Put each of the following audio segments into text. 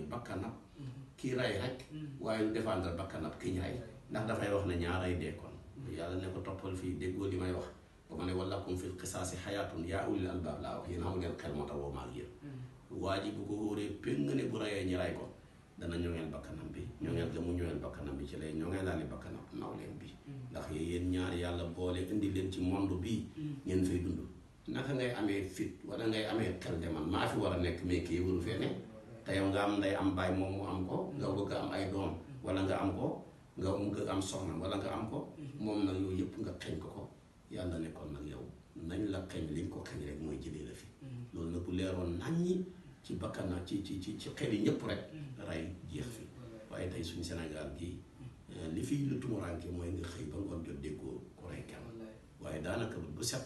mooy bakkanab kii rey rek mm-hmm. waaye lu défendre bakkanab ki ñu rey mm-hmm. ndax dafay wax na ñaaray dee kon yàlla ne ko toppal fii déggoo li may wax ba ma ne walakum fil qisaasi xayaatun yaa ulil albaab laa wax yéen amu ngeen xel moo woo maag yéen mm-hmm. waa bu ko wóoree péng ne bu reyee ñi rey ko dana ñoŋeel bakkanam bi ñoŋeel ga mu ñoŋeel bakkanam bi ci lay ñoŋeelaale bakkanam nawleem bi ndax yéen ñaar yàlla boole indi leen ci monde bii ngeen fay dund naka ngay amee fit wala ngay amee xel te yow nga am nday am baay moom mu am ko nga bëgg am ay doom wala nga am ko nga am soxna wala nga am ko mhm. moom nag yooyu yëpp nga xeñ ko ko yàlla nekkoon nag yow nañ la xeñ liñ ko xeñ rek mooy jëlee la fi mhm. loolu nag bu leeroon naññi ci bakkana ci ci ci ci xel yi ñëpp rek mhm. rey jeex fi waaye tey suñu Sénégal gii eh, li fi lu tumuraanke mooy nga xëy ba ngoon jot déggoo ku rey kenn waaye daanaka bu set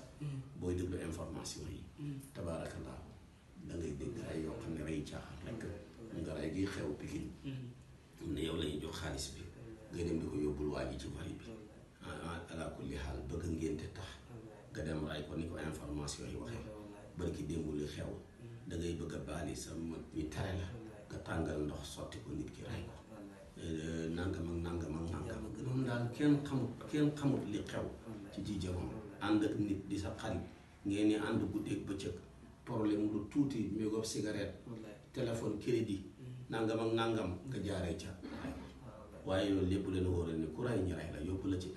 booy déglu information yi tabaarakallah raay gi xew Pikine mm-hmm. ne yow lañuy jox xaalis bi nga dem di ko yóbbul waa ci vari bi ala kulli xaal bëgg ngénte tax nga dem ray ko ni ko information yi waxee barki démb li xew mm-hmm. da bëgg a baali sa mag mi tere la nga tàngal ndox sotti ko nit ki ray ko nangam ak nangam ak daal kenn xamut kenn xamut li xew ci ji jamono ànd ak nit di sa xarit ngeen ni ànd guddeeg bëccëg problème lu tuuti mégob cigarette téléphone crédit nangam ak nangam nga jaaree ca waaye loolu lépp leen wóor ni ku ray ñi ray la yóbbu la ci